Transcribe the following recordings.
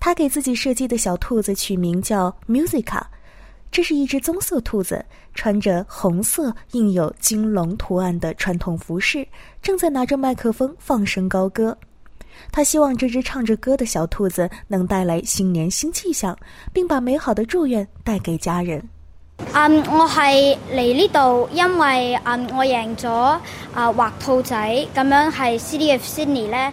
他給自己設計的小兔子取名叫 Musica，這是一隻棕色兔子，穿着紅色印有金龍圖案的傳統服飾，正在拿着麥克風放聲高歌。他希望這隻唱着歌的小兔子能帶來新年新氣象，並把美好的祝願帶給家人。嗯，我係嚟呢度，因為嗯我贏咗啊、呃、畫兔仔，咁樣係 City of Sydney 呢。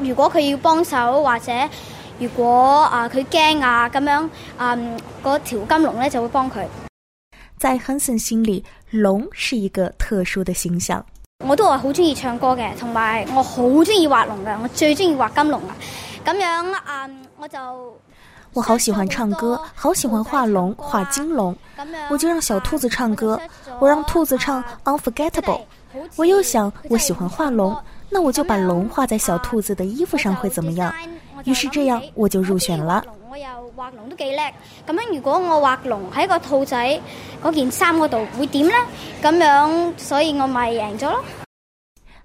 如果佢要幫手，或者如果啊，佢驚啊咁樣啊，嗰條金龍咧就會幫佢。在亨森心裏，龍是一個特殊的形象。我都係好中意唱歌嘅，同埋我好中意畫龍嘅，我最中意畫金龍啊！咁樣啊，um, 我就我好喜歡唱歌，我唱歌啊、好喜歡畫龍畫金龍，我就讓小兔子唱歌，我，我讓兔子唱 Unforgettable，uh, 我又想我喜歡畫龍。那我就把龍畫在小兔子的衣服上會怎麼樣？於是這樣我就入選啦、啊。我又畫龍都幾叻，咁樣如果我畫龍喺個兔仔件衫度會點咧？咁樣所以我咪贏咗咯。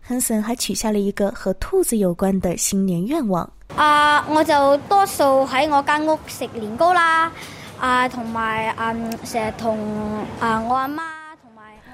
亨森還許下了一個和兔子有關的新年願望。啊，我就多數喺我間屋食年糕啦，啊，同埋嗯，成日同啊我阿媽。